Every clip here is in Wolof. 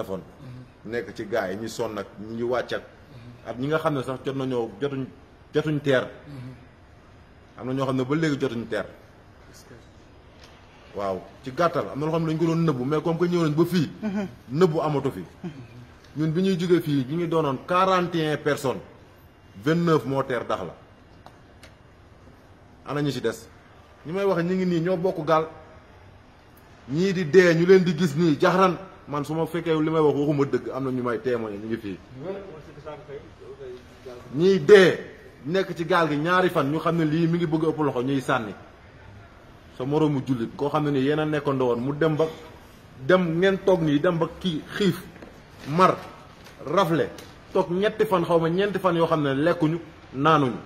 téléphone. Mm-hmm. nekk ci gars yi ñi sonn ak ñi wàcc ak. ak ñi nga xam ne sax jot nañoo jotuñ jotuñ teer. Mm-hmm. am na ñoo xam ne ba léegi jotuñ teer. waaw ci gàttal am na loo xam ne dañ ko doon nëbbu mais comme que ñëw nañ ba fii. Mm-hmm. nëbbu amatu fi. ñun bi ñuy jógee fii ñu ngi doonoon quarante et un personnes moo teer dax la ana ñu ci des ñi may wax ñu ngi nii ñoo bokk gaal ñii di dee ñu leen di gis nii jaxran man su ma fekkee li may wax waxuma dëgg am na ñu may témoigné ñu ngi fii ñiy dee nekk ci gaal gi ñaari fan ñu xam ne lii mi ngi bëgg ëpp loxo ñuy sànni sa moroomu jullit koo xam ne nii yéen a nekkandoo woon mu dem ba dem ngeen toog nii dem ba kii xiif mar rafle toog ñetti fan xaw ma ñeenti fan yoo xam ne lekkuñu naanuñu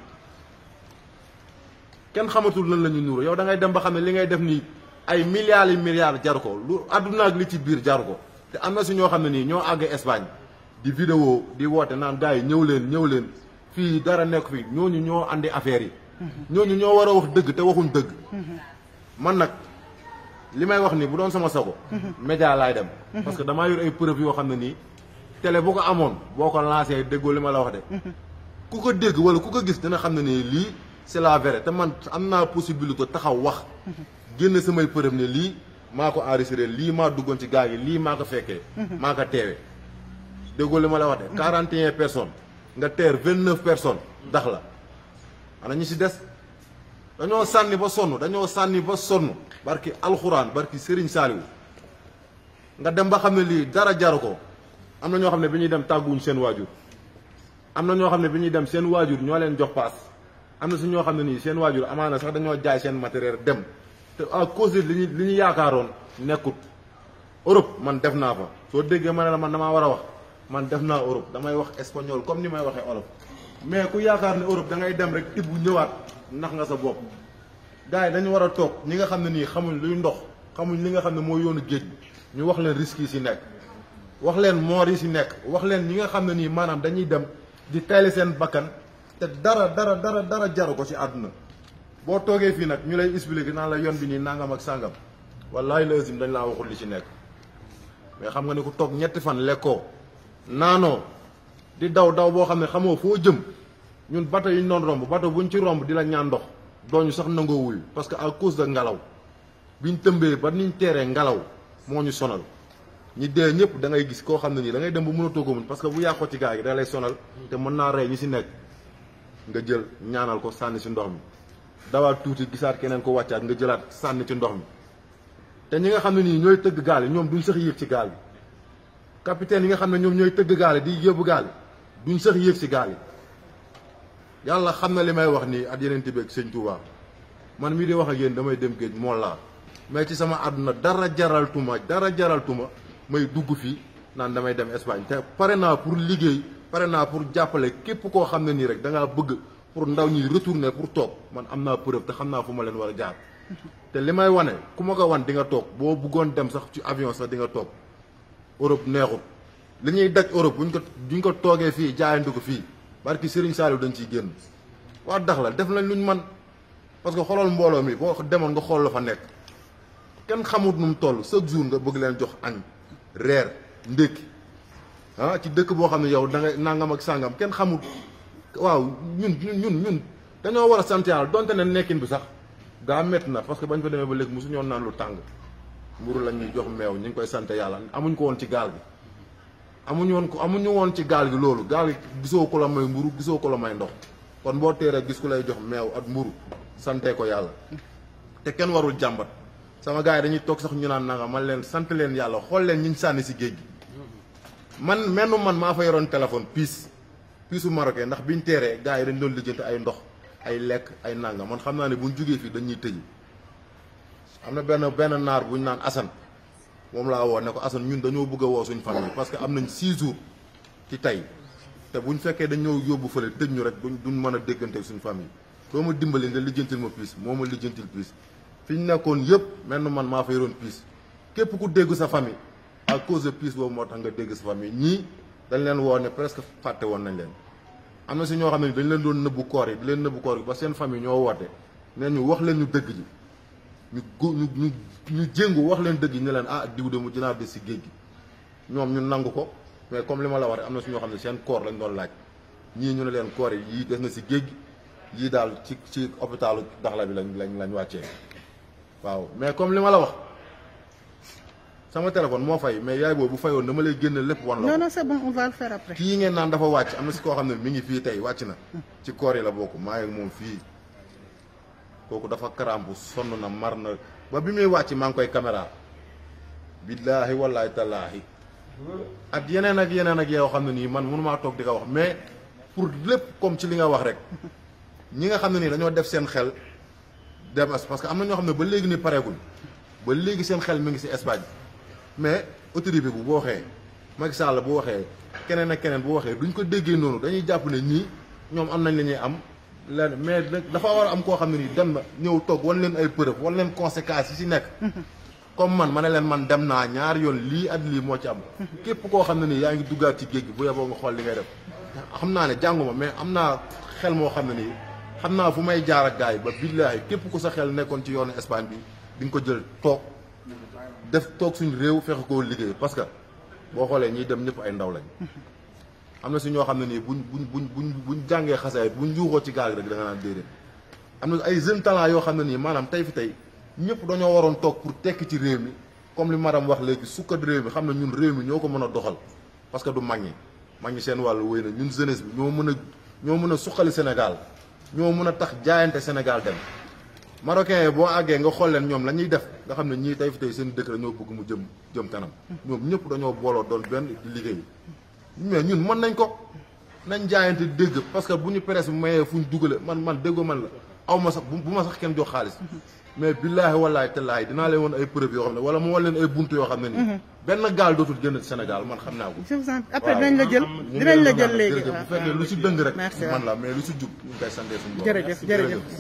kenn xamatul lan la ñu nuuru yow da ngay dem ba xam ne li ngay def nii ay milliards yi milliards jaru ko lu àdduna li ci biir jaru ko te am na si ñoo xam ne nii ñoo àgg Espagne di vidéo di woote naan gars yi ñëw leen ñëw leen fii dara nekku fi ñooñu ñoo andi affaire yi. Mhm. ñooñu ñoo war a wax dëgg te waxuñ dëgg. Mhm. man nag li may wax nii bu doon sama sago. Mhm. média laay dem. parce que damaa yor ay preuve yoo xam ne nii télé boo ko amoon boo ko lancé déggoo li ma la wax de. ku ko dégg wala ku ko gis dina xam ne nii lii c'est la vérité te man am naa possibilité taxaw wax. génn samay përëm ne lii maa ko enregistré lii maa duggoon ci gaa gi lii maa ko fekkee. Mhm. maa ko teewee. déggoo li ma la wax de. 41 personnes nga teer 29 personnes. dax la ana ñu si des dañoo sànni ba sonn dañoo sànni ba sonn barki alxuraan barki Serigne Saliou nga dem ba xam ne lii dara jaru ko am na ñoo xam ne bi ñuy dem tàgguwuñ seen waajur. am na ñoo xam ne bi ñuy dem seen waajur ñoo leen jox paas am na su ñoo xam ne nii seen waajur amaana sax dañoo jaay seen matériel dem. te à cause de li ñu li ñu yaakaaroon nekkut Europe man def naa fa soo déggee ma ne la man damaa war a wax man def naa Europe damay wax espagnol comme ni may waxee olof mais ku yaakaar ne Europe dangay dem rek tibb ñëwaat ndax nga sa bopp gars dañu war a toog ñi nga xam ne nii xamuñ luy ndox xamuñ li nga xam ne mooy yoonu géej ñu wax leen risques yi si nekk wax leen moor yi si nekk wax leen ñi nga xam ne nii maanaam dañuy dem di tayli seen bakkan te dara dara dara dara jaru ko ci àdduna boo toogee fii nag ñu lay expliquer naa lay yoon bi nii nangam ak sàngam wallaay lazim dañ laa waxul li ci nekk mais xam nga ne ku toog ñetti fan lekkoo naanoo di daw daw boo xam ne xamoo foo jëm ñun bato yi ñu doon romb bato buñ ci romb di la ñaan ndox ñu sax nangoo wuyu parce que à cause de ngelaw biñ tëmbee ba niñ teeree ngelaw moo ñu sonal ñi dee ñëpp da ngay gis koo xam ne nii da dem ba mënatoo ko mun parce que bu yàqoo ci gaa yi da lay sonal te mën naa rey ñi si nekk nga jël ñaanal ko sànni si ndox mi. dawaat tuuti gisaat keneen ko wàccaat nga jëlaat sànni ci ndox mi te ñi nga xam ne nii ñooy tëgg gaal yi ñoom duñ sax yéeg ci gaal yi capitaine yi nga xam ne ñoom ñooy tëgg gaal yi di yóbbu gaal yi duñ sëx yéeg ci gaal yi yàlla xam na li may wax nii ak yeneen tibeeg sëñ Touba man mii di wax a yéen damay dem géej moo laa mais ci sama àdduna dara jaraltuma dara jaral tuma may dugg fii naan damay dem Espagne te pare naa pour liggéey pare naa pour jàppale képp koo xam nii rek da ngaa bëgg pour ndaw ñi retourner pour toog man am naa preuve te xam naa fu ma leen war a jaar te li may wane ku ma ko wan dinga toog boo bëggoon dem sax ci avion sax di nga toog Europe neexut li ñuy daj Europe buñ ko buñ ko toogee fii jaayandi ko fii parki Serigne Saliou dañ ciy génn waa dax la def nañ luñ man parce que xoolal mbooloo mi boo demoon nga xool la fa nekk kenn xamut nu mu toll chaque jour nga bëgg leen jox añ reer ndékki ah ci dëkk boo xam ne yow da nangam ak sàngam kenn xamut waaw ñun ñun ñun dañoo war a sant yàlla donte ne nekkin bi sax gaa metti na parce que bañ fa demee ba léegi mosu ñoo naan lu tàng mburu lañ ñuy jox meew ñu ngi koy sante yàlla amuñ ko woon ci gaal gi. amuñu woon ko amuñu woon ci gaal gi loolu gaal gi gisoo ko la may mburu gisoo ko la may ndox kon boo teeree gis ku lay jox meew ak mburu sante ko yàlla te kenn warul jàmbat sama gars yi dañuy toog sax ñu naan nanga man leen sant leen yàlla xool leen ñu sànni si géej gi man menn man maa fa yoroon téléphone piis piisu marocain ndax biñ teeree gars yi dañ doon lijjanti ay ndox ay lekk ay nangam man xam naa ne ñu jugee fii dañuy tëj am na benn benn naar bu ñu naan Assane moom laa woo ne ko Assane ñun dañoo bëgg a woo suñ famille parce que am nañ six jours ci tey te bu ñu fekkee dañoo yóbbu fële tëj ñu rek duñ duñ mën a déggante suñ famille soo ma dimbali nga lijjantil ma piis moo ma lijjantil piis fi ñu nekkoon yëpp mel na man maa fa yoroon piis képp ku dégg sa famille à cause de boobu moo tax nga dégg sa famille ñii dañu leen woo ne presque fàtte woon nañ leen am na si ñoo xam ne dañ leen doon nëbbu koor yi di leen nëbbu koor yi ba seen famille ñoo woote ne ñu wax leen ñu dëgg ji ñu ñu ñu jëngu wax leen dëgg ji ne leen ah diw de mu dinaa des si géej gi ñoom ñu nangu ko mais comme li ma la wax am na si ñoo xam ne seen koor lañ doon laaj ñii ñu ne leen koor yi yii des na si géej gi yii daal ci ci hôpitalu Daxla bi lañ lañ lañ wàccee waaw mais comme li ma la wax. sama téléphone moo fay mais yaay boobu bu fayoon dama lay génn lépp wan la non non c'est bon on va le faire après kii ngeen naan dafa wàcc am na si koo xam ne mu ngi fii tey wàcc na ci koor yi la bokk maa ngi moom fii kooku dafa karambu sonn na mar na ba bi muy wàcc maa ngi koy caméra billaahi wallaahi tallaahi ak yeneen ak yeneen ak yoo xam ne nii man mënumaa toog di ko wax mais pour lépp comme ci li nga wax rek ñi nga xam ne nii dañoo def seen xel dem parce que am na ñoo xam ne ba léegi ni pareegul ba léegi seen xel mi ngi si Espagne mais autorité bi bu waxee Macky Sall bu waxee keneen ak keneen bu waxee duñ ko déggee noonu dañuy jàpp ne ñii ñoom am nañ la ñuy am lenn mais dafa war a am koo xam ne nii dem na ñëw toog wan leen ay preuve wan leen conséquences yi si nekk. comme man ma ne leen man dem naa ñaar yoon lii at lii moo ci am. képp koo xam ne nii yaa ngi duggaat ci géej bu yeboo nga xool li ngay def. xam naa ne jànguma mais am naa xel moo xam ne nii xam naa fu may jaar ak gars yi ba billaahi képp ku sa nekkoon ci yoonu Espagne bi di nga ko jël toog. def toog suñu réew fexe ko liggéey parce que boo xoolee ñiy dem ñëpp ay ndaw lañ am na si ñoo xam ne nii buñ buñ buñ buñ buñ jàngee xasaay buñ juuxoo ci gaal rek da nga naan déedéet am na ay jeune talent yoo xam ne nii maanaam tey fi tey ñëpp dañoo waroon toog pour tekki ci réew mi comme li madame wax léegi sukkat réew mi xam ne ñun réew mi ñoo ko mën a doxal parce que du mag ñi mag ñi seen wàllu wéy na ñun jeunesse bi ñoo mën a ñoo mën a suqali Sénégal ñoo mën a tax jaayante Sénégal dem marocain boo àggee nga xool leen ñoom la ñuy def nga xam ne ñii tey fi tey seen dëkk dañoo bëgg mu jëm jëm kanam ñoom ñëpp dañoo booloo doon benn di liggéey mais ñun mën nañ ko nañ jaayante dégg parce que bu ñu presse mayee fu ñu dugale man man déggoo man la aw ma sax bu ma sax kenn jox xaalis mhm. mais billaahi wallaahi tallaahi dinaa leen woon ay preuve yoo xam ne wala mu wan leen ay buntu yoo xam ne nii mhm. benn gaal dootul génn Sénégal man xam naa ko après lu si dëng rek man la mais lu si jub ñu